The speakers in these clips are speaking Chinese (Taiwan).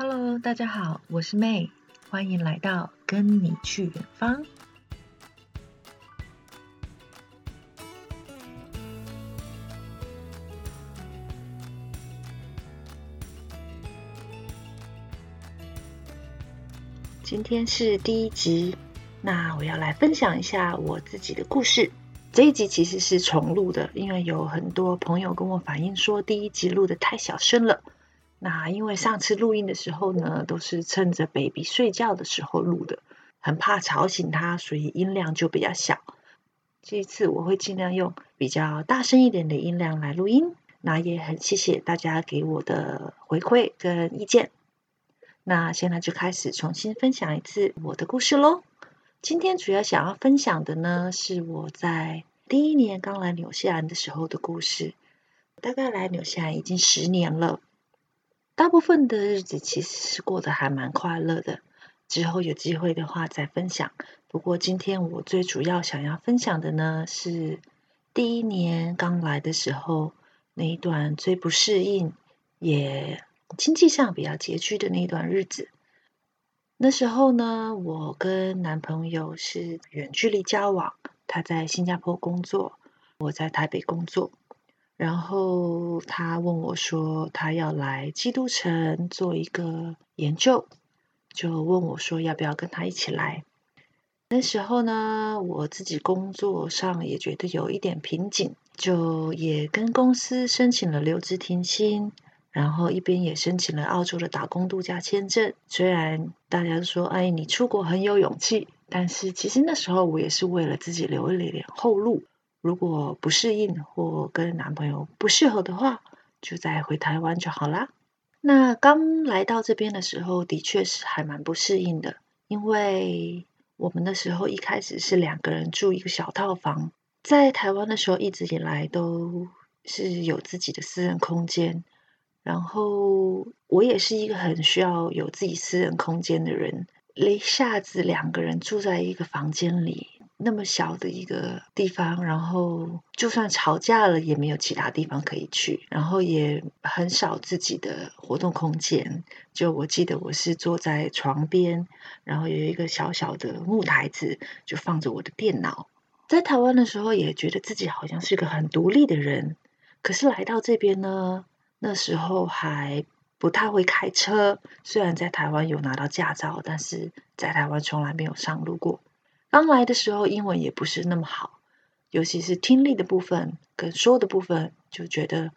Hello，大家好，我是 Mei，歡迎來到《跟你去遠方》。今天是第一集，那我要來分享一下我自己的故事。這一集其實是重錄的，因為有很多朋友跟我反映說第一集錄的太小聲了。因為上次錄音的時候呢，都是趁着 baby 睡覺的時候錄的，很怕吵醒他，所以音量就比較小。這一次我會盡量用比較大聲一點的音量來錄音。那也很謝謝大家給我的回饋跟意見。那現在就開始重新分享一次我的故事嘍。今天主要想要分享的呢，是我在第一年剛來紐西蘭的時候的故事。大概來紐西蘭已經十年了。大部分的日子其實是過得還蠻快樂的，之後有機會的話再分享。不過今天我最主要想要分享的呢，是第一年剛來的時候，那一段最不適應、也經濟上比較拮據的那一段日子。那時候呢，我跟男朋友是遠距離交往，他在新加坡工作，我在台北工作。然後他問我說：“他要來基督城做一個研究，就問我說要不要跟他一起來。”那時候呢，我自己工作上也覺得有一點瓶頸，就也跟公司申請了留職停薪，然後一邊也申請了澳洲的打工度假簽證。雖然大家說：“哎，你出國很有勇氣。”，但是其實那時候我也是為了自己留了一點後路。如果不適應或跟男朋友不適合的話，就再回台灣就好啦。那剛來到這邊的時候，的確是還蠻不適應的，因為我們那時候一開始是兩個人住一個小套房，在台灣的時候一直以來都是有自己的私人空間，然後我也是一個很需要有自己私人空間的人，一下子兩個人住在一個房間裡。那麼小的一個地方，然後就算吵架了也沒有其他地方可以去，然後也很少自己的活動空間。就我記得，我是坐在床邊，然後有一個小小的木台子，就放着我的電腦。在台灣的時候，也覺得自己好像是個很獨立的人。可是來到這邊呢，那時候還不太會開車，雖然在台灣有拿到駕照，但是在台灣從來沒有上路過。剛來的時候，英文也不是那麼好，尤其是聽力的部分跟說的部分，就覺得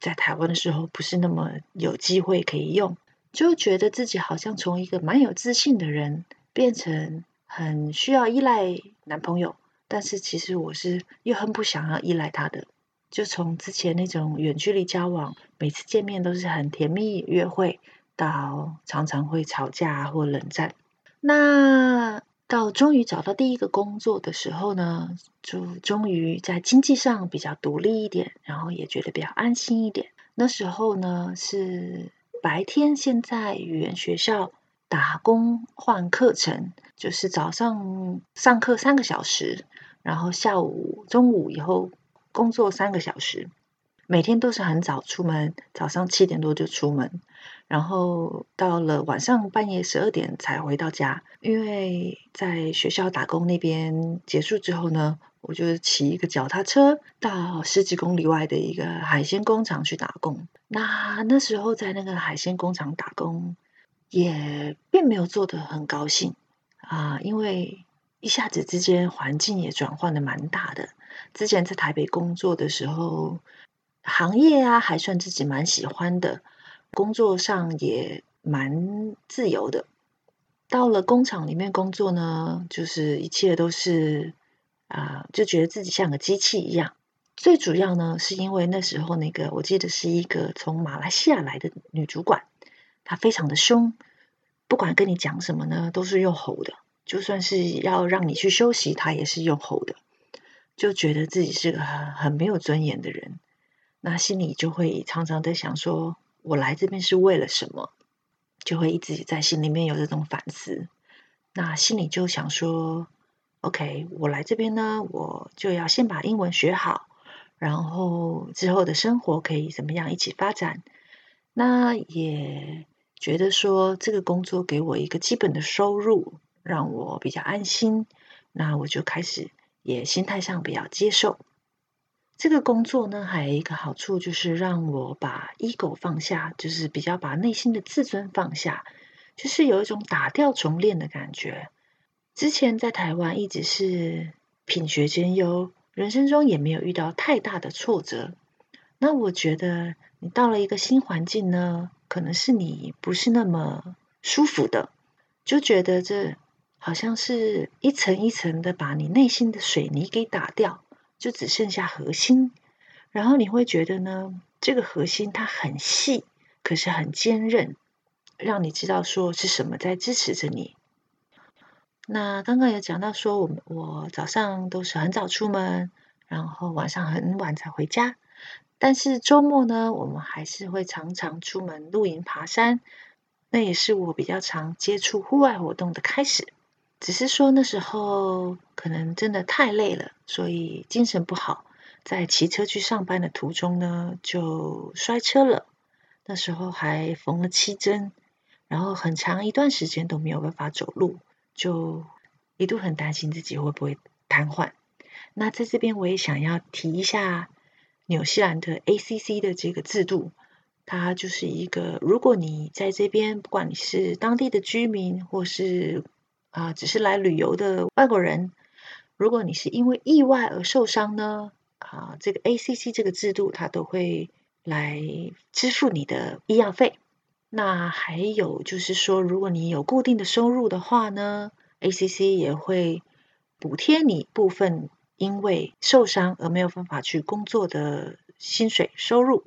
在台灣的時候不是那麼有機會可以用，就覺得自己好像從一個蠻有自信的人，變成很需要依賴男朋友，但是其實我是又很不想要依賴他的，就從之前那種遠距離交往，每次見面都是很甜蜜約會，到常常會吵架或冷戰，那。到終於找到第一個工作的時候呢，就終於在經濟上比較獨立一點，然後也覺得比較安心一點。那時候呢，是白天先在語言學校打工換課程，就是早上上課三個小時，然後下午中午以後工作三個小時，每天都是很早出門，早上七點多就出門，然後到了晚上半夜十二點才回到家，因為在學校打工那邊結束之後呢，我就騎一個腳踏車到十幾公里外的一個海鮮工廠去打工。那那時候在那個海鮮工廠打工，也並沒有做得很高興啊、呃，因為一下子之間環境也轉換的蠻大的。之前在台北工作的時候，行業啊還算自己蠻喜歡的。工作上也蠻自由的。到了工廠裡面工作呢，就是一切都是啊、呃，就覺得自己像個機器一樣。最主要呢，是因為那時候那個，我記得是一個從馬來西亞來的女主管，她非常的凶。不管跟你講什麼呢，都是用吼的。就算是要讓你去休息，她也是用吼的。就覺得自己是個很很沒有尊嚴的人。那心裡就會常常在想說。我來這邊是為了什麼，就會一直在心裡面有這種反思。那心裡就想說，OK，我來這邊呢，我就要先把英文學好，然後之後的生活可以怎麼樣一起發展。那也覺得說，這個工作給我一個基本的收入，讓我比較安心。那我就開始也心態上比較接受。這個工作呢，還有一個好處就是讓我把 ego 放下，就是比較把內心的自尊放下，就是有一種打掉重練的感覺。之前在台灣一直是品學兼優，人生中也沒有遇到太大的挫折。那我覺得你到了一個新環境呢，可能是你不是那麼舒服的，就覺得這好像是一層一層的把你內心的水泥給打掉。就只剩下核心，然後你會覺得呢，這個核心它很細，可是很堅韌，讓你知道說是什麼在支持着你。那剛剛有講到說我，我們我早上都是很早出門，然後晚上很晚才回家，但是周末呢，我們還是會常常出門露營、爬山，那也是我比較常接觸戶外活動的開始。只是說那時候可能真的太累了，所以精神不好，在騎車去上班的途中呢就摔車了。那時候還縫了七針，然後很長一段時間都沒有辦法走路，就一度很擔心自己會不會癱瘓。那在這邊我也想要提一下紐西蘭的 ACC 的這個制度，它就是一個如果你在這邊，不管你是當地的居民或是啊、呃，只是來旅遊的外國人，如果你是因為意外而受傷呢，啊、呃，這個 ACC 這個制度它都會來支付你的醫藥費。那還有就是說，如果你有固定的收入的話呢，ACC 也會補貼你部分因為受傷而沒有辦法去工作的薪水收入。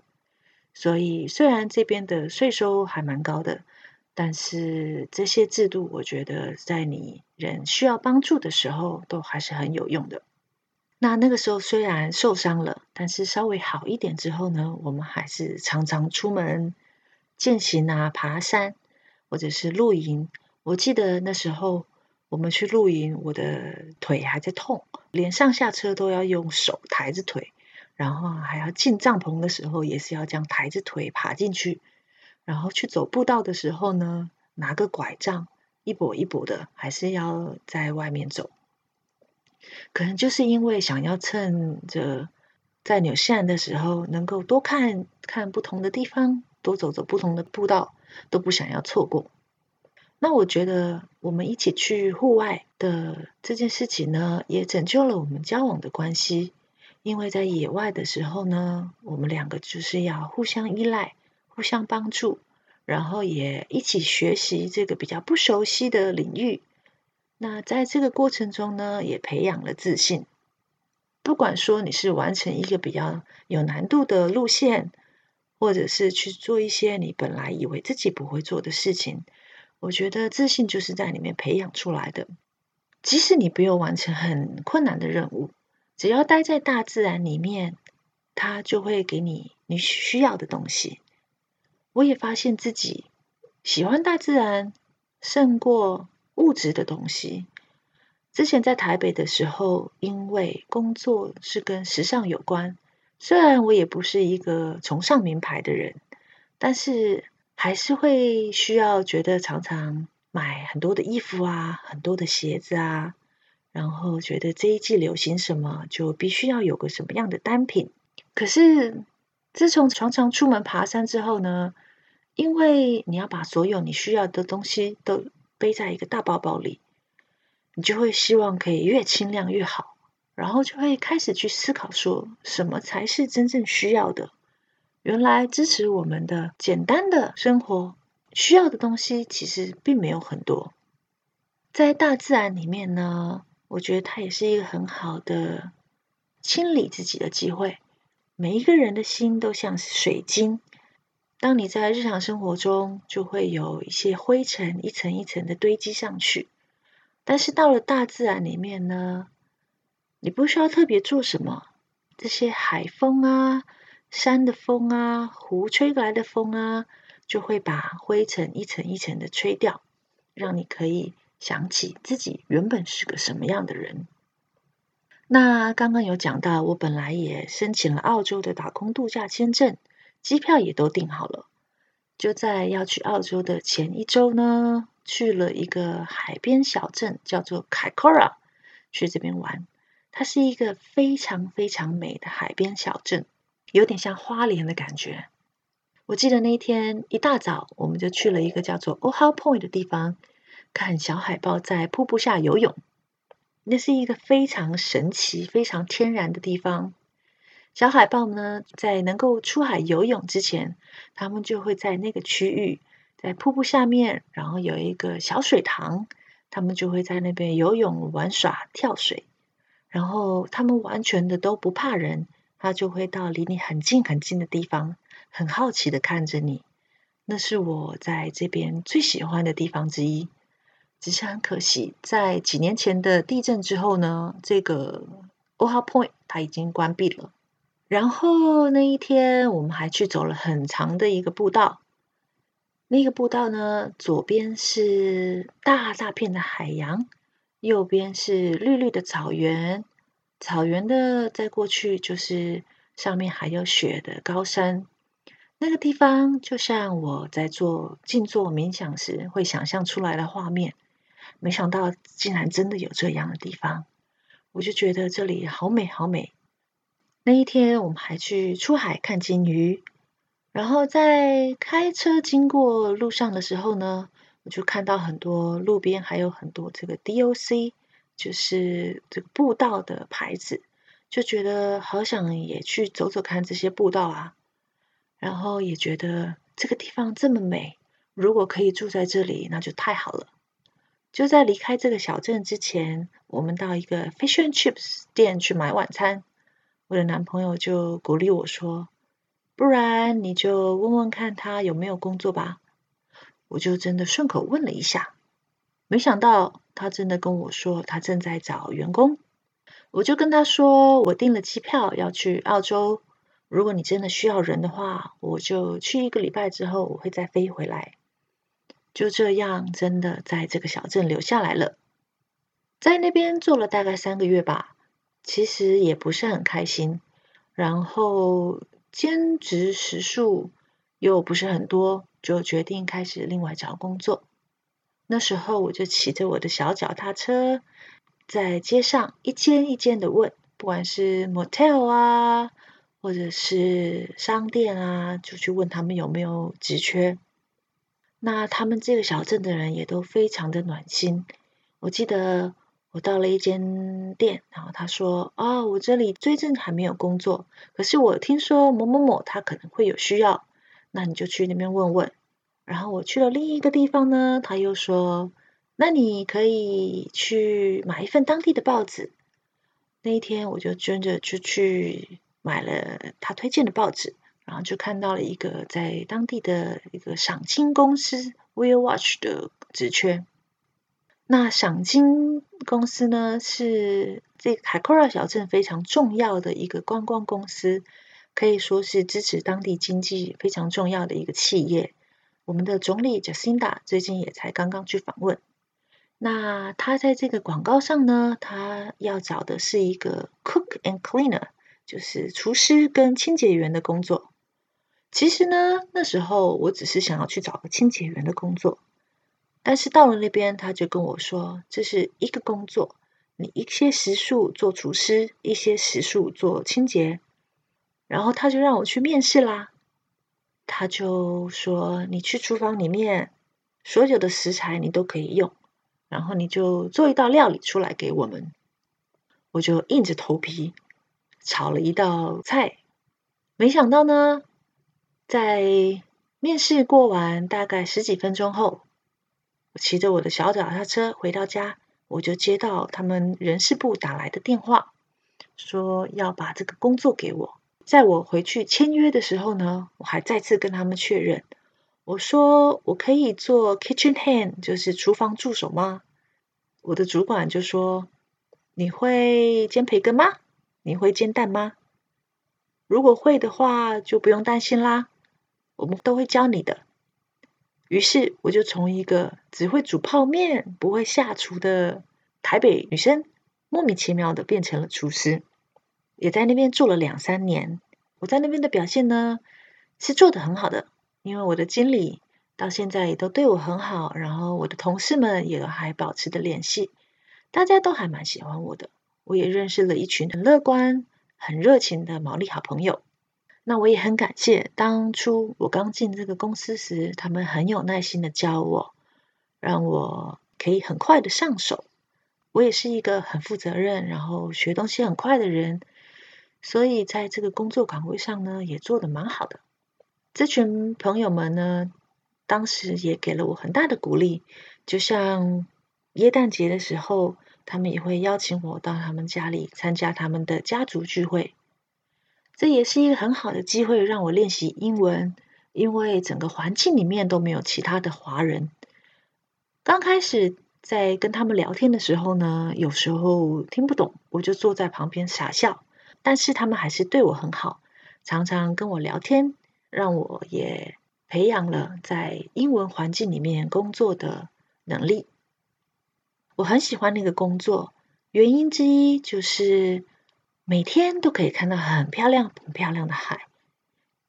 所以雖然這邊的稅收還蠻高的。但是這些制度，我覺得在你人需要幫助的時候，都還是很有用的。那那個時候雖然受傷了，但是稍微好一點之後呢，我們還是常常出門健行啊、爬山或者是露營。我記得那時候我們去露營，我的腿還在痛，連上下車都要用手抬着腿，然後還要進帳篷的時候，也是要這樣抬着腿爬進去。然後去走步道的時候呢，拿個拐杖，一跛一跛的，還是要在外面走。可能就是因為想要趁着在紐西蘭的時候，能夠多看看不同的地方，多走走不同的步道，都不想要錯過。那我覺得我們一起去戶外的這件事情呢，也拯救了我們交往的關係，因為在野外的時候呢，我們兩個就是要互相依賴。互相幫助，然後也一起學習這個比較不熟悉的領域。那在這個過程中呢，也培養了自信。不管說你是完成一個比較有難度的路線，或者是去做一些你本來以為自己不會做的事情，我覺得自信就是在裡面培養出來的。即使你不用完成很困難的任務，只要待在大自然裡面，它就會給你你需要的東西。我也發現自己喜歡大自然勝過物質的東西。之前在台北的時候，因為工作是跟時尚有關，雖然我也不是一個崇尚名牌的人，但是還是會需要覺得常常買很多的衣服啊，很多的鞋子啊，然後覺得這一季流行什麼，就必須要有個什麼樣的單品。可是自從常常出門爬山之後呢，因為你要把所有你需要的東西都背在一個大包包裡，你就會希望可以越輕量越好，然後就會開始去思考，說什麼才是真正需要的。原來支持我們的簡單的生活需要的東西，其實並沒有很多。在大自然裡面呢，我覺得它也是一個很好的清理自己的機會。每一個人的心都像是水晶。當你在日常生活中，就會有一些灰塵一層一層的堆積上去。但是到了大自然裡面呢，你不需要特別做什麼，這些海風啊、山的風啊、湖吹過來的風啊，就會把灰塵一層一層的吹掉，讓你可以想起自己原本是個什麼樣的人。那剛剛有講到，我本來也申請了澳洲的打工度假簽證。機票也都訂好了，就在要去澳洲的前一周呢，去了一個海邊小鎮，叫做 Kaikoura，去這邊玩。它是一個非常非常美的海邊小鎮，有點像花蓮的感覺。我記得那一天一大早，我們就去了一個叫做 Ohau Point 的地方，看小海豹在瀑布下游泳。那是一個非常神奇、非常天然的地方。小海豹呢，在能夠出海游泳之前，他們就會在那個區域，在瀑布下面，然後有一個小水塘，他們就會在那邊游泳、玩耍、跳水。然後他們完全的都不怕人，他就會到離你很近、很近的地方，很好奇的看着你。那是我在這邊最喜歡的地方之一。只是很可惜，在幾年前的地震之後呢，這個 Ohau Point 它已經關閉了。然後那一天，我們還去走了很長的一個步道。那個步道呢，左邊是大大片的海洋，右邊是綠綠的草原。草原的再過去，就是上面還有雪的高山。那個地方就像我在做靜坐冥想時會想象出來的畫面，沒想到竟然真的有這樣的地方。我就覺得這裡好美，好美。那一天，我們還去出海看鯨魚。然後在開車經過路上的時候呢，我就看到很多路邊還有很多這個 DOC，就是這個步道的牌子，就覺得好想也去走走看這些步道啊。然後也覺得這個地方這麼美，如果可以住在這裡，那就太好了。就在離開這個小鎮之前，我們到一個 Fish and Chips 店去買晚餐。我的男朋友就鼓勵我說：“不然你就問問看他有沒有工作吧。”我就真的順口問了一下，沒想到他真的跟我說他正在找員工。我就跟他說：“我訂了機票要去澳洲，如果你真的需要人的話，我就去一個禮拜之後我會再飛回來。”就這樣，真的在這個小鎮留下來了，在那邊做了大概三個月吧。其實也不是很開心，然後兼職時數又不是很多，就決定開始另外找工作。那時候我就騎着我的小腳踏車，在街上一間一間的問，不管是 motel 啊，或者是商店啊，就去問他們有沒有職缺。那他們這個小鎮的人也都非常的暖心，我記得。我到了一間店，然後他說：“啊，我這裡最近還沒有工作，可是我聽說某某某他可能會有需要，那你就去那邊問問。”然後我去了另一個地方呢，他又說：“那你可以去買一份當地的報紙。”那一天我就捐着就去買了他推薦的報紙，然後就看到了一個在當地的一個賞鯨公司 “Whale Watch” 的職缺。那賞鯨公司呢，是這個 Kaikoura 小鎮非常重要的一個觀光公司，可以說是支持當地經濟非常重要的一個企業。我們的總理 Jacinda 最近也才剛剛去訪問。那他在這個廣告上呢，他要找的是一個 cook and cleaner，就是廚師跟清潔員的工作。其實呢，那時候我只是想要去找個清潔員的工作。但是到了那邊，他就跟我說，這是一個工作，你一些時數做廚師，一些時數做清潔，然後他就讓我去面試啦。他就說，你去廚房裡面，所有的食材你都可以用，然後你就做一道料理出來給我們。我就硬着頭皮炒了一道菜，沒想到呢，在面試過完大概十幾分鐘後。我騎着我的小腳踏車回到家，我就接到他們人事部打來的電話，說要把這個工作給我。在我回去簽約的時候呢，我還再次跟他們確認，我說我可以做 kitchen hand，就是廚房助手嗎？我的主管就說：“你會煎培根嗎？你會煎蛋嗎？如果會的話，就不用擔心啦，我們都會教你的。”於是，我就從一個只會煮泡麵、不會下廚的台北女生，莫名其妙的變成了廚師，也在那邊住了兩三年。我在那邊的表現呢，是做得很好的，因為我的經理到現在也都對我很好，然後我的同事們也還保持着聯繫，大家都還蠻喜歡我的。我也認識了一群很樂觀、很熱情的毛利好朋友。那我也很感謝，當初我剛進這個公司時，他們很有耐心的教我，讓我可以很快的上手。我也是一個很負責任，然後學東西很快的人，所以在這個工作崗位上呢，也做的蠻好的。這群朋友們呢，當時也給了我很大的鼓勵，就像耶誕節的時候，他們也會邀請我到他們家裡參加他們的家族聚會。這也是一個很好的機會，讓我練習英文，因為整個環境裡面都沒有其他的華人。剛開始在跟他們聊天的時候呢，有時候聽不懂，我就坐在旁邊傻笑。但是他們還是對我很好，常常跟我聊天，讓我也培養了在英文環境裡面工作的能力。我很喜歡那個工作，原因之一就是。每天都可以看到很漂亮、很漂亮的海，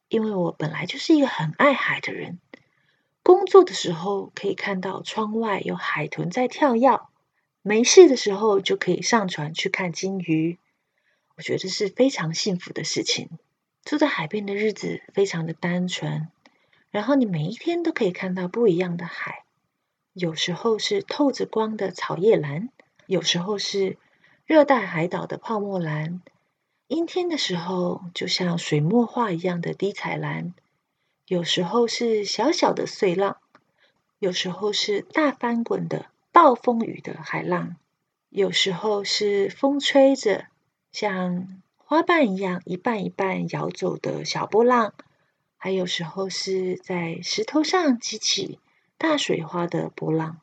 因為我本來就是一個很愛海的人。工作的時候可以看到窗外有海豚在跳躍，沒事的時候就可以上船去看鯨魚。我覺得是非常幸福的事情。住在海邊的日子非常的單純，然後你每一天都可以看到不一樣的海，有時候是透着光的草葉藍，有時候是熱帶海島的泡沫藍。陰天的時候，就像水墨畫一樣的低彩藍；有時候是小小的碎浪；有時候是大翻滾的暴風雨的海浪；有時候是風吹着像花瓣一樣一瓣一瓣搖走的小波浪；還有時候是在石頭上激起大水花的波浪。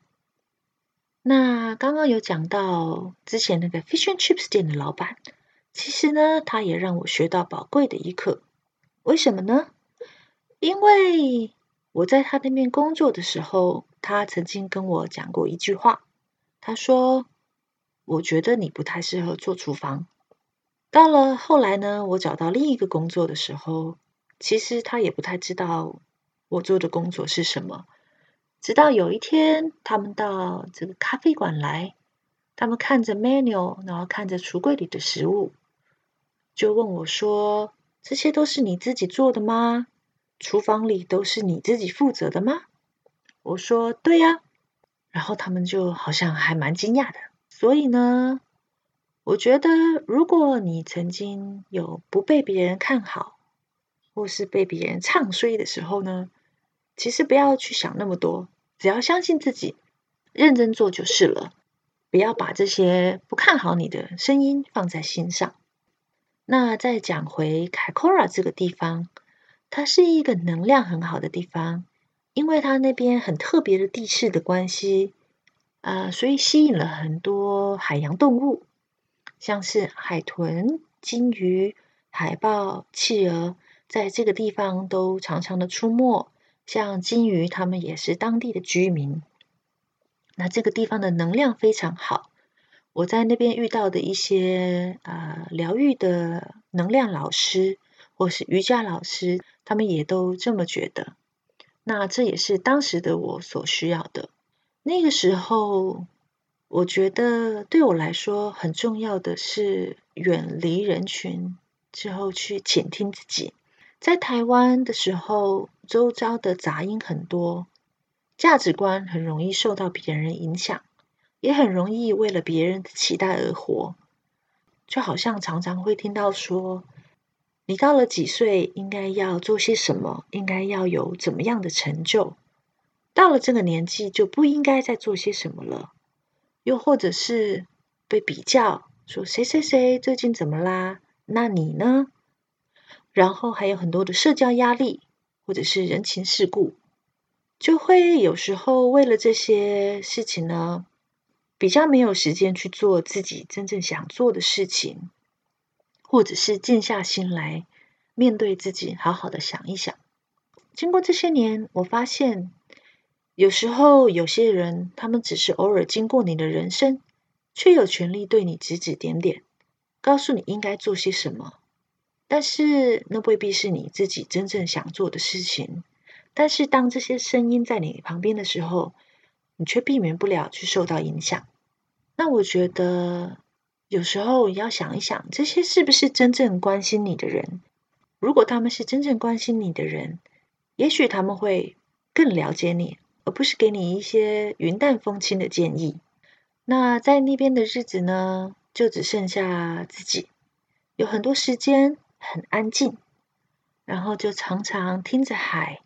那剛剛有講到之前那個 Fish and Chips 店的老板。其實呢，他也讓我學到寶貴的一課。為什麼呢？因為我在他那邊工作的時候，他曾經跟我講過一句話。他說：“我覺得你不太適合做廚房。”到了後來呢，我找到另一個工作的時候，其實他也不太知道我做的工作是什麼。直到有一天，他們到這個咖啡館來，他們看着 menu，然後看着櫥櫃裡的食物。就問我說：“這些都是你自己做的嗎？廚房裡都是你自己負責的嗎？”我說：“對呀。”然後他們就好像還蠻驚訝的。所以呢，我覺得如果你曾經有不被別人看好，或是被別人唱衰的時候呢，其實不要去想那麼多，只要相信自己，認真做就是了。不要把這些不看好你的聲音放在心上。那再講回凱庫拉這個地方，它是一個能量很好的地方，因為它那邊很特別的地勢的關係，啊、呃，所以吸引了很多海洋動物，像是海豚、鯨魚、海豹、企鵝，在這個地方都常常的出沒。像鯨魚，它們也是當地的居民。那這個地方的能量非常好。我在那邊遇到的一些呃療癒的能量老師，或是瑜伽老師，他們也都這麼覺得。那這也是當時的我所需要的。那個時候，我覺得對我來說很重要的是遠離人群之後去傾聽自己。在台灣的時候，周遭的雜音很多，價值觀很容易受到別人影響。也很容易為了別人的期待而活，就好像常常會聽到說，你到了幾歲應該要做些什麼，應該要有怎麼樣的成就，到了這個年紀就不應該再做些什麼了，又或者是被比較，說誰誰誰最近怎麼啦？那你呢？然後還有很多的社交壓力，或者是人情世故，就會有時候為了這些事情呢。比較沒有時間去做自己真正想做的事情，或者是靜下心來面對自己，好好的想一想。經過這些年，我發現有時候有些人，他們只是偶爾經過你的人生，卻有權利對你指指點點，告訴你應該做些什麼。但是那未必是你自己真正想做的事情。但是當這些聲音在你旁邊的時候，你卻避免不了去受到影響。那我覺得有時候要想一想，這些是不是真正關心你的人？如果他們是真正關心你的人，也許他們會更了解你，而不是給你一些雲淡風輕的建議。那在那邊的日子呢，就只剩下自己，有很多時間很安靜，然後就常常聽着海，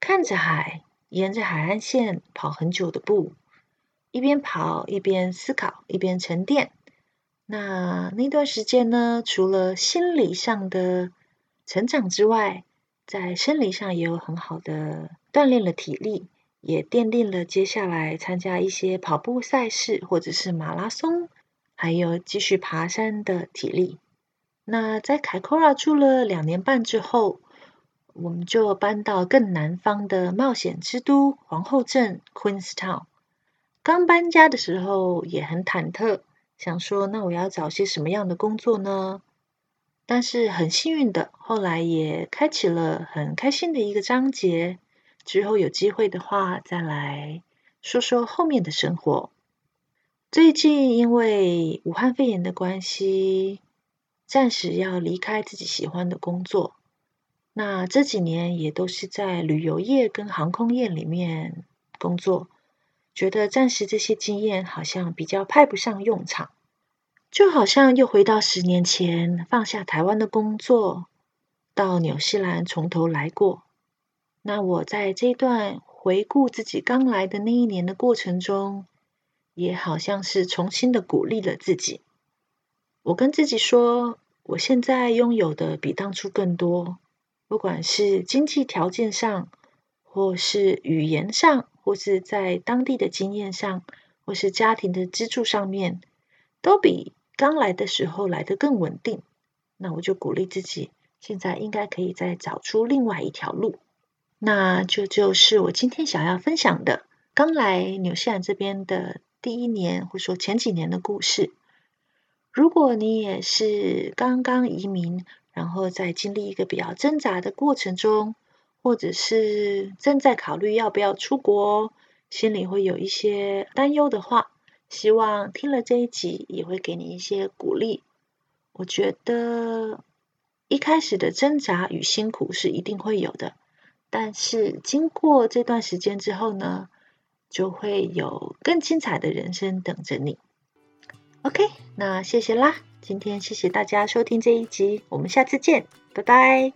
看着海。沿着海岸線跑很久的步，一邊跑一邊思考，一邊沉澱。那那段時間呢，除了心理上的成長之外，在生理上也有很好的鍛煉了體力，也奠定了接下來參加一些跑步賽事或者是馬拉松，還有繼續爬山的體力。那在凱庫拉住了兩年半之後。我們就搬到更南方的冒險之都皇後鎮 （Queenstown）。剛搬家的時候也很忐忑，想說那我要找些什麼樣的工作呢？但是很幸運的，後來也開啟了很開心的一個章節。之後有機會的話，再來說說後面的生活。最近因為武漢肺炎的關係，暫時要離開自己喜歡的工作。那這幾年也都是在旅遊業跟航空業裡面工作，覺得暫時這些經驗好像比較派不上用場，就好像又回到十年前，放下台灣的工作，到紐西蘭從頭來過。那我在這段回顧自己剛來的那一年的過程中，也好像是重新的鼓勵了自己。我跟自己說，我現在擁有的比當初更多。不管是經濟條件上，或是語言上，或是在當地的經驗上，或是家庭的支柱上面，都比剛來的時候來得更穩定。那我就鼓勵自己，現在應該可以再找出另外一條路。那這就，就是我今天想要分享的，剛來紐西蘭這邊的第一年，或者說前幾年的故事。如果你也是剛剛移民，然後在經歷一個比較掙扎的過程中，或者是正在考慮要不要出國，心裡會有一些擔憂的話，希望聽了這一集也會給你一些鼓勵。我覺得一開始的掙扎與辛苦是一定會有的，但是經過這段時間之後呢，就會有更精彩的人生等着你。OK，那謝謝啦！今天謝謝大家收聽這一集，我們下次見，拜拜。